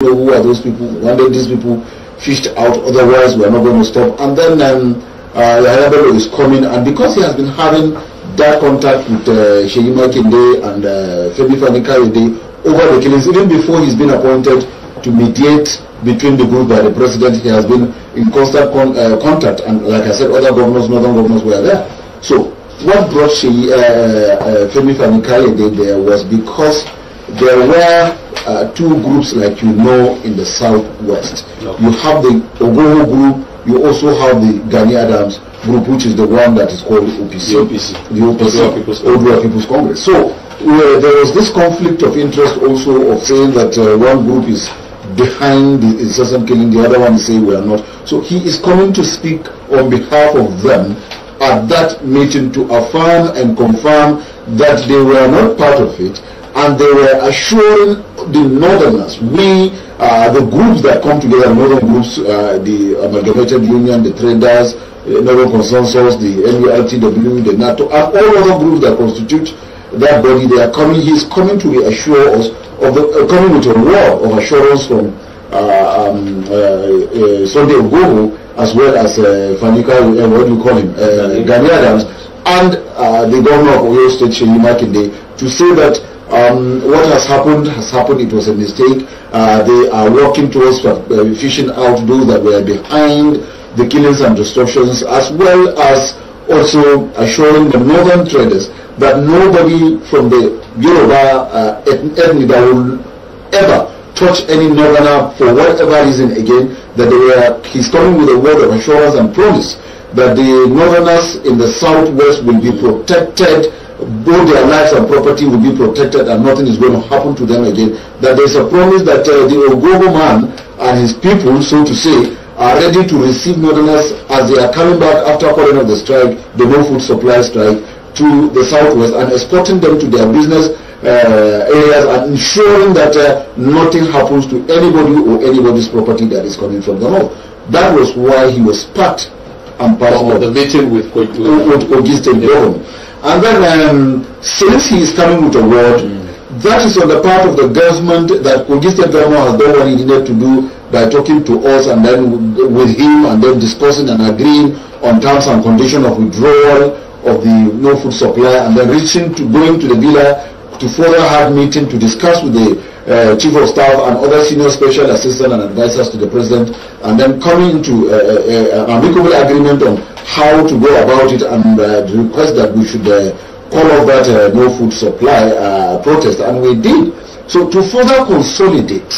who are those people, one day these people fished out, otherwise we are not going to stop. And then um, uh, Yahya is coming, and because he has been having that contact with uh, Shehima Kinde and uh, Femi Fani Kayode over the killings, even before he's been appointed to mediate between the group by the president, he has been in constant con uh, contact. And like I said, other governors, northern governors were there. So what brought she, uh, uh, Femi Fani Kayode there was because there were uh, two groups like you know in the southwest. You have the Ogoho group, you also have the Gani Adams group, which is the one that is called OPC. The OPC. The OPC, People's, People's Congress. So uh, there was this conflict of interest also of saying that uh, one group is behind the incessant killing, the other one is saying we are not. So he is coming to speak on behalf of them at that meeting to affirm and confirm that they were not part of it and they were assuring the northerners, we, uh, the groups that come together, northern groups, uh, the amalgamated union, the traders, the uh, northern consensus, the NULTW, the NATO, and all other groups that constitute that body, they are coming, he's coming to reassure us, of the, uh, coming with a word of assurance from uh, um, uh, uh, Sunday Ogogo, as well as uh, Fanika, uh, what do you call him, uh, Gani Adams, and uh, the governor of Oyo State, Sheyi Makinde, to say that um, what has happened has happened. It was a mistake. Uh, they are working towards uh, fishing out those that were behind the killings and destructions, as well as also assuring the northern traders that nobody from the Yoruba uh, ethnic will ever touch any northerner for whatever reason again, that they were, he's coming with a word of assurance and promise that the northerners in the southwest will be protected both their lives and property will be protected and nothing is going to happen to them again, that there is a promise that uh, the Ogogo man and his people, so to say, are ready to receive northerners as they are coming back after calling of the strike, the no food supply strike, to the southwest and escorting them to their business uh, areas and ensuring that uh, nothing happens to anybody or anybody's property that is coming from the north. That was why he was part and part of the meeting with Koitu. With Augustine yeah. And then um, since he is coming with a word, mm. that is on the part of the government that Kogi State government has done what he needed to do by talking to us and then with him and then discussing and agreeing on terms and condition of withdrawal of the no food supply and then reaching to going to the villa to further have meeting to discuss with the uh, chief of staff and other senior special assistants and advisors to the president and then coming into uh, uh, uh an amicable agreement on how to go about it and uh, request that we should uh, call off that uh, no food supply uh, protest, and we did. So to further consolidate,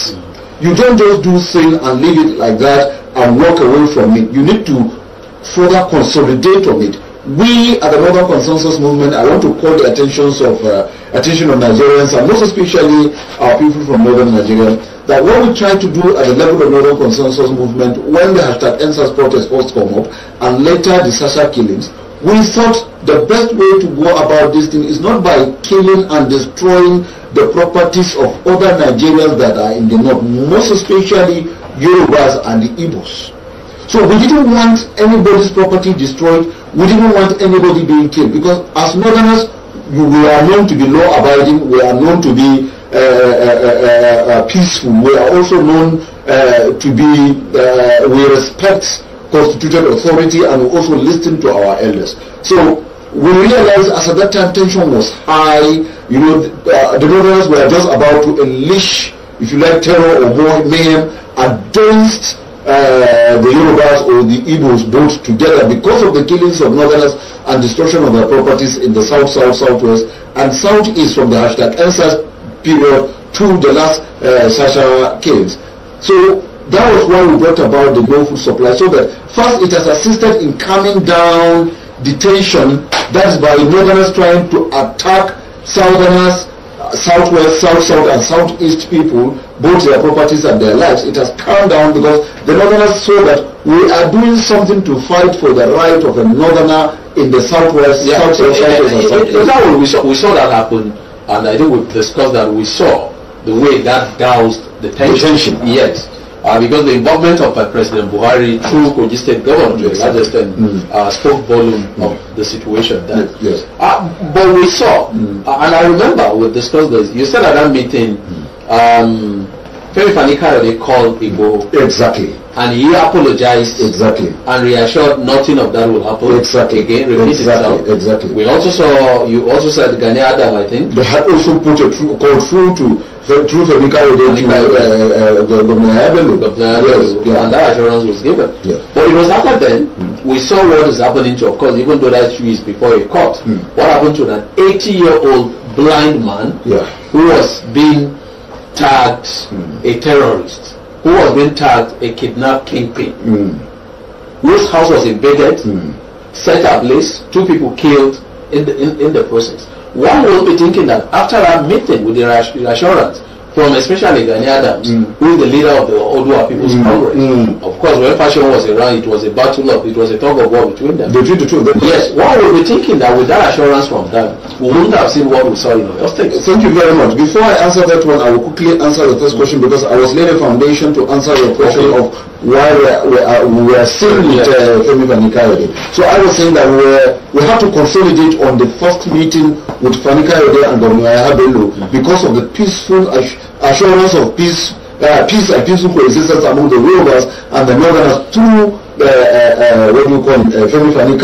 you don't just do thing and leave it like that and walk away from it. You need to further consolidate on it we at the Northern Consensus Movement, I want to call the attentions of uh, attention of Nigerians and most especially our people from Northern Nigeria that what we try to do at the level of Northern Consensus Movement when the hashtag NSAS protest was come up and later the Sasha killings, we thought the best way to go about this thing is not by killing and destroying the properties of other Nigerians that are in the north, most especially Yorubas and the Igbos. So we didn't want anybody's property destroyed. We didn't want anybody being killed because as Northerners, we are known to be law-abiding. We are known to be uh, uh, uh, uh, uh peaceful. We are also known uh, to be, we respect constituted authority and we also listen to our elders. So we realized as at that time tension was high. You know, the, the were just about to unleash, if you like, terror or more mayhem against uh, the Yorubas or the Igbos both together because of the killings of northerners and destruction of their properties in the south, south, southwest and southeast from the hashtag NSAS period to the last uh, Sasha killings. So that was why we brought about the global food supply so that first it has assisted in calming down detention. that's by northerners trying to attack southerners, uh, southwest, south, south and southeast people both their properties and their lives. It has come down because the northerners saw that we are doing something to fight for the right of the northerner in the southwest, yeah, southwest, yeah, southwest, yeah, southwest. Yeah, yeah, we, saw, we saw that happen, and I think we discussed that we saw the way that doused the tension. The tension. Yes. Uh, because the involvement of uh, President Buhari through Kogi State Government to a large extent mm. uh, spoke volume mm. of the situation then. Yes. Uh, but we saw, mm. Uh, and I remember we discussed this, you said at that meeting, mm. um, Femi they called Igbo. Exactly. And he apologized. Exactly. And reassured nothing of that will happen. Exactly. Again, repeat exactly. itself. Exactly. We also saw, you also said Gani Adam, I think. They had also put a true, call through to, through Femi Kayode to uh, uh, Governor Abelu. Yes. Yeah. And that assurance was given. Yeah. But it was after then, mm. we saw what is happening to, of course, even though that tree is before a court. Mm. What happened to an 80-year-old blind man yeah. who was being tagged mm. a terrorist who was being tagged a kidnapped kingpin hmm. whose house was invaded, hmm. set ablaze, two people killed in the, in, in the process. One will be thinking that after our meeting with the reassurance, from especially Gani Adams, mm. who is the leader of the Odua People's mm. Congress. Mm. Of course, when fashion was around, it was a battle of, it was a tug of war between them. Between the two of them. Yes, one would be thinking that with that assurance from them, we wouldn't have seen what we saw in Oyo State. Thank you very much. Before I answer that one, I will quickly answer the first question because I was laying a foundation to answer your question okay. of why we are, we are, we are still with uh, Femi Fanikayode. So I was saying that we, were, we have to consolidate on the first meeting with Fanikayode and Gomiaya Bello mm. because of the peaceful assurance of peace, uh, peace and peaceful coexistence among the rulers and the northerners through uh, uh, uh what we you call it, uh, family family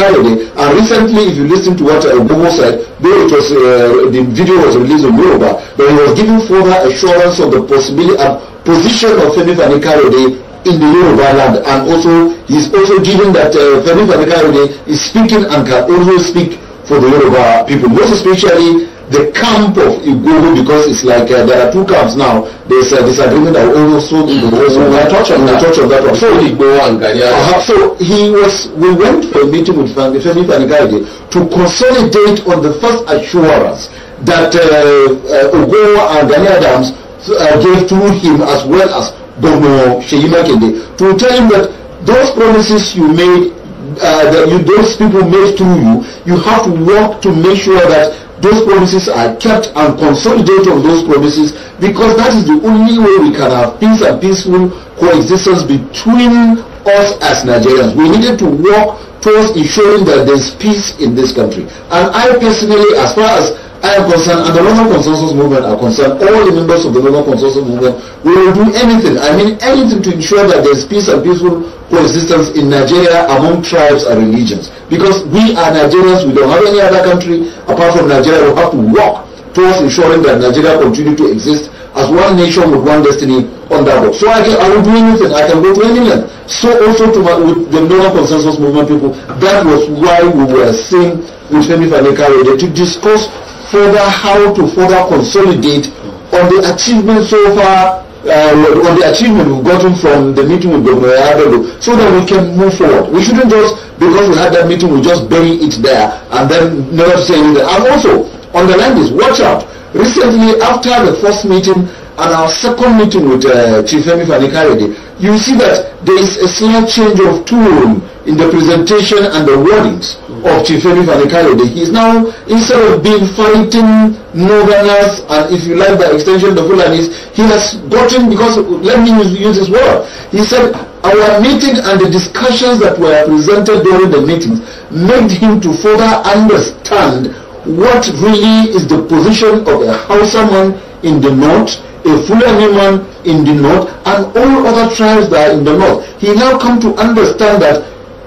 And recently, if you listen to what uh, Ogogo said, though it was, uh, the video was released on Yoruba, but he was giving further assurance of the possibility and position of Femi Fani Karode in the Yoruba land. And also, he's also giving that uh, Femi Fani Karode is speaking and can also speak for the Yoruba people, most especially the camp of Igogo because it's like uh, there are two camps now. There's a disagreement that also mm-hmm. we are touch on that. one. So Igbo and uh, uh-huh. So he was. We went for a meeting with Femi Fanigaide to consolidate on the first assurance that uh, uh, and Gani Adams uh, gave to him as well as Gomo Sheyima Kende to tell him that those promises you made. Uh, that you, those people made through you, you have to work to make sure that those promises are kept and consolidated on those promises because that is the only way we can have peace and peaceful coexistence between us as Nigerians. We needed to work towards ensuring that there is peace in this country. And I personally, as far as I am concerned, and the Northern Consensus Movement are concerned, all the members of the Northern Consensus Movement, we will do anything, I mean anything to ensure that there is peace and peaceful coexistence in Nigeria among tribes and religions. Because we are Nigerians, we don't have any other country apart from Nigeria. We have to work towards ensuring that Nigeria continue to exist as one nation with one destiny on that road. So I, can, I will do anything. I can go to any land. So also to my, with the Northern Consensus Movement people, that was why we were saying with Femi Fanekare to discuss further how to further consolidate on the achievements so far uh, on the achievement we've gotten from the meeting with Governor Adogo so that we can move forward. We shouldn't just, because we had that meeting, we just bury it there and then never say anything. And also, underline this, watch out. Recently, after the first meeting and our second meeting with uh, Chief Emi Fanikarede, you see that there is a slight change of tone in the presentation and the warnings of Chifemi Fanikayode. He is now, instead of being fighting northerners and if you like by extension the Fulanis, he has gotten, because let me use, use word, he said our meeting and the discussions that were presented during the meetings made him to further understand what really is the position of a Hausa man in the north a Fulani man in the north and all other tribes that are in the north. He now come to understand that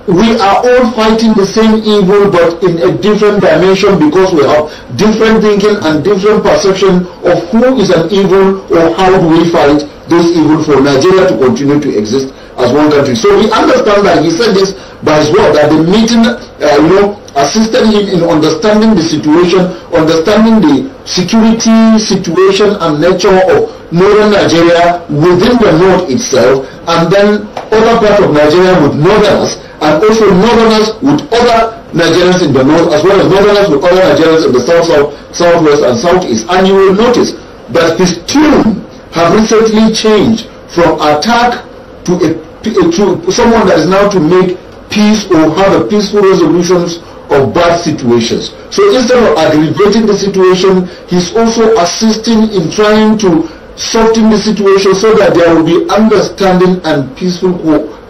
we are all fighting the same evil but in a different dimension because we have different thinking and different perception of who is an evil or how do we fight this evil for Nigeria to continue to exist as one country. So we understand that he said this by his word that the meeting, uh, you know, assisted him in understanding the situation, understanding the security situation and nature of northern Nigeria within the north itself, and then other parts of Nigeria with northerners and also northerners with other Nigerians in the north as well as northerners with other Nigerians in the south, south, southwest and southeast. And you will notice that his tune have recently changed from attack to, a, to, to someone that is now to make peace or have a peaceful resolutions of bad situations. So instead of aggravating the situation, he's also assisting in trying to Solving the situation so that there will be understanding and peaceful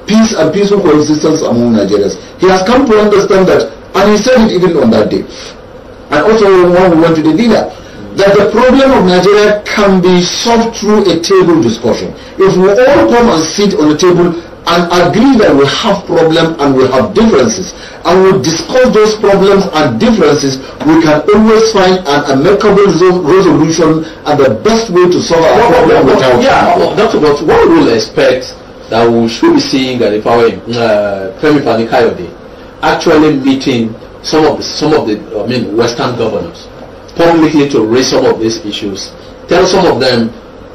peace and peaceful coexistence among Nigerians. He has come to understand that, and he said it even on that day. And also when we went to the dinner, that the problem of Nigeria can be solved through a table discussion. If we all come and sit on the table and agree that we have problems and we have differences and we discuss those problems and differences, we can always find an amicable resolution and the best way to solve our problem without Yeah, well, that's what one will expect that we should be seeing that the power uh, actually meeting some of the, some of the I mean Western governors publicly to raise some of these issues, tell some of them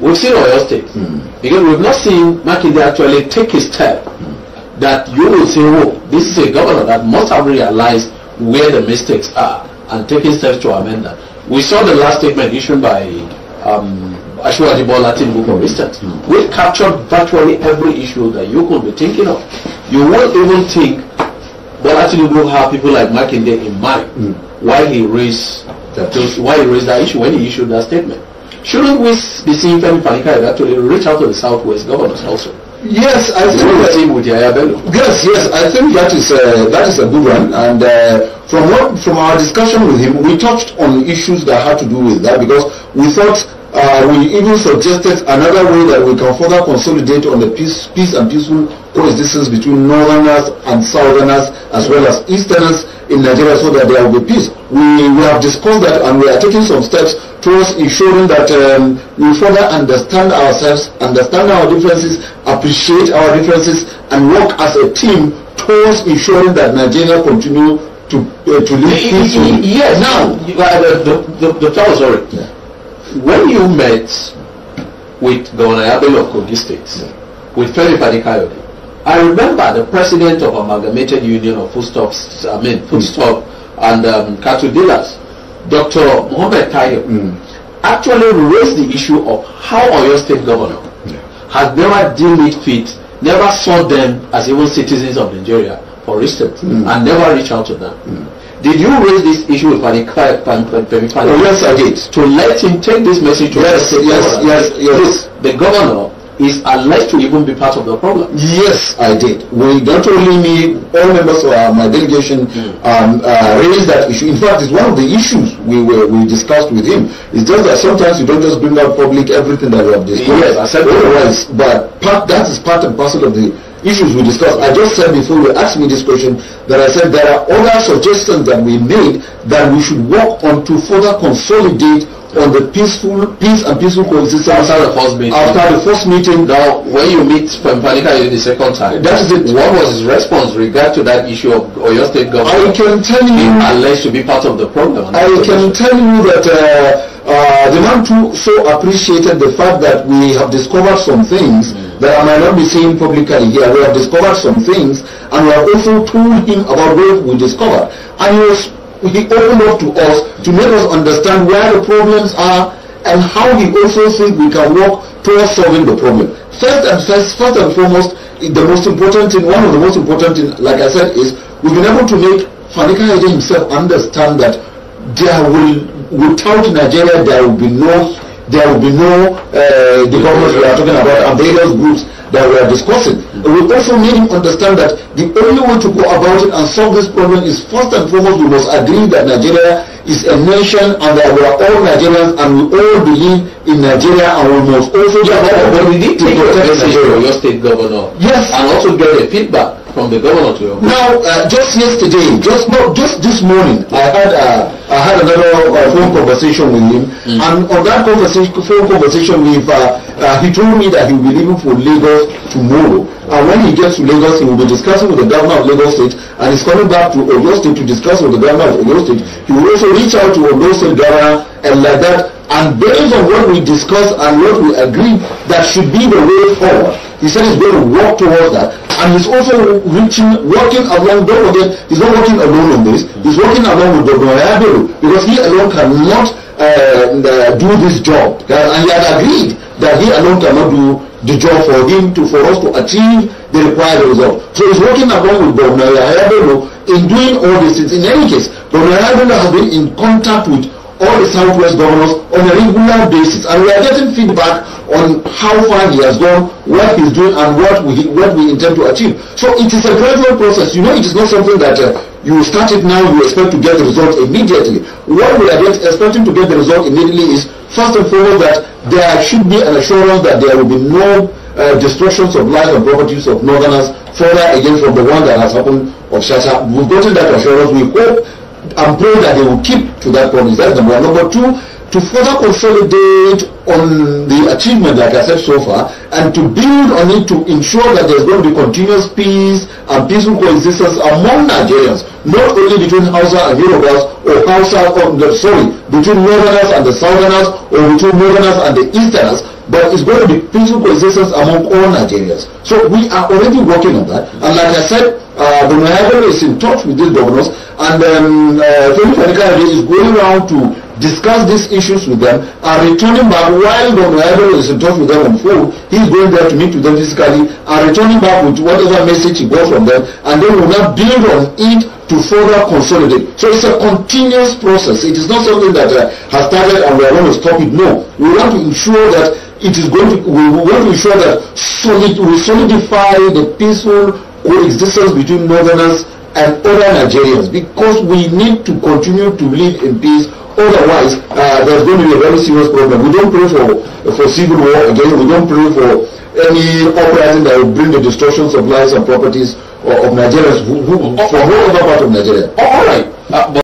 We've seen Oil State. Mm. Because we've not seen Mackinday actually take a step mm. that you will say, oh, this is a governor that must have realized where the mistakes are and taking steps to amend that. We saw the last statement issued by um, Ashwaji Bola Tinubu, for hmm. instance. Mm. We've captured virtually every issue that you could be thinking of. You won't even think Bola Tinubu have people like Mackinday in mind mm. why he raised that, those, why he raised that issue when he issued that statement. Shouldn't we be seeing Femi Fanikai actually reach out to the Southwest governors also? Yes, I think that, with yes, yes, I think that is uh, that is a good one. And uh, from what from our discussion with him, we touched on issues that had to do with that because we thought uh, we even suggested another way that we can further consolidate on the peace, peace and peaceful cause distance between northerners and southerners as well as easterners in Nigeria so that there will be peace. We, we have discussed that and we are taking some steps towards ensuring that um, we further understand ourselves, understand our differences, appreciate our differences and work as a team towards ensuring that Nigeria continue to, uh, to live peacefully. Yes, now, uh, the, the, the, the sorry. Yeah. When you met with Governor Abel of Kogi State, yeah. with Ferry Fadikayo, I remember the president of Amalgamated Union of Foodstops, I mean, Foodstop hmm. mm. and um, Cattle Dealers, Dr. Muhammad Tayo, mm. actually raised the issue of how our State governor yeah. has never dealt with fit, never saw them as even citizens of Nigeria, for instance, mm. and never reached out to them. Hmm. Did you raise this issue with Pani Kwai? Oh, yes, I did. To let him take this message to yes, yes, yes, yes, yes. The governor is alleged to even be part of the problem. Yes, I did. We not only me, all members of my delegation hmm. um, uh, raised that issue. In fact, it's one of the issues we were, we discussed with him. It's just that sometimes you don't just bring out public everything that you have discussed. Yes, I said otherwise, but part, that is part and parcel of the issues we discussed. I just said before you asked me this question that I said there are other suggestions that we made that we should work on to further consolidate on the peaceful peace and peaceful coexistence after the first meeting. After the first meeting. Now, when you meet Pampanika the second time, that is it. What was his response regard to that issue of Oyo State government? I can tell you, alleged to be part of the problem. I can tell you that. Uh, uh, the man too so appreciated the fact that we have discovered some things mm. that I might not be saying publicly here. We have discovered some things and we have also told him about what we discovered. And he was He opened up to us to make us understand where the problems are and how he also thinks we can work towards solving the problem. First and first, first and foremost, the most important thing, one of the most important thing, like I said, is we've been able to make Fanika Haide himself understand that there will, without Nigeria, there will be no there will be no uh, the government we are talking about and various groups that we are discussing. We also need to understand that the only way to go about it and solve this problem is first and foremost we must agree that Nigeria is a nation and that we are all Nigerians and we all believe in Nigeria and we must also yeah, but we take your message from your state governor yes and also get a feedback from the governor to your Now, uh, just yesterday, just no, just this morning, I had uh, I had another uh, phone conversation with him, mm. and on that conversation, phone conversation with, uh, uh, he told me that he will be leaving for Lagos tomorrow, and when he gets to Lagos, he will be discussing with the governor of Lagos State, and he's coming back to Oyo State to discuss with the governor of Oyo State. He will also reach out to Oyo State governor and uh, like that, and based on what we discuss and what we agree, that should be the way forward. He said he's going to work towards that. And he's also reaching, working along, don't forget, he's not working alone on this, he's working along with Dr. Ayabiru, because he alone cannot uh, uh, do this job. And he had agreed that he alone cannot do the job for him to for us to achieve the required result. So he's working along with Governor Yahya in doing all these things. In any case, Governor Yahya has been in contact with all the Southwest governors on a regular basis, and we are getting feedback on how far he has gone, what he's doing, and what we what we intend to achieve. So it is a gradual process. You know, it is not something that uh, you start it now, you expect to get the result immediately. What we are get, expecting to get the result immediately is first and foremost that there should be an assurance that there will be no uh, destructions of lives and properties of northerners further again from the one that has happened of Shasha. We've gotten that assurance. We hope I'm praying that they will keep to that promise. That's number one. Number two, to further consolidate on the achievement, like I said so far, and to build on it to ensure that there's going to be continuous peace and peaceful coexistence among Nigerians, not only between Hausa and Yorubas, or Hausa, or, sorry, between Northerners and the Southerners, or between Northerners and the Easterners, but it's going to be peaceful coexistence among all Nigerians. So we are already working on that, and like I said, uh, the Niagara is in touch with these governors and um, uh, Femi Fanika is going around to discuss these issues with them and returning back while the Niagara is in touch with them on phone, he's going there to meet with them physically and returning back with whatever message he got from them and then will now build on it to further consolidate. So it's a continuous process. It is not something that uh, has started and we are going to stop it. No. We want to ensure that it is going to, we want to ensure that solid, we solidify the peaceful coexistence between northerners and other Nigerians because we need to continue to live in peace. Otherwise, uh, there's going to be a very serious problem. We don't pray for, for civil war again. We don't pray for any uprising that will bring the destruction of lives and properties of, of Nigerians who, who, from whatever part of Nigeria. All right. Uh,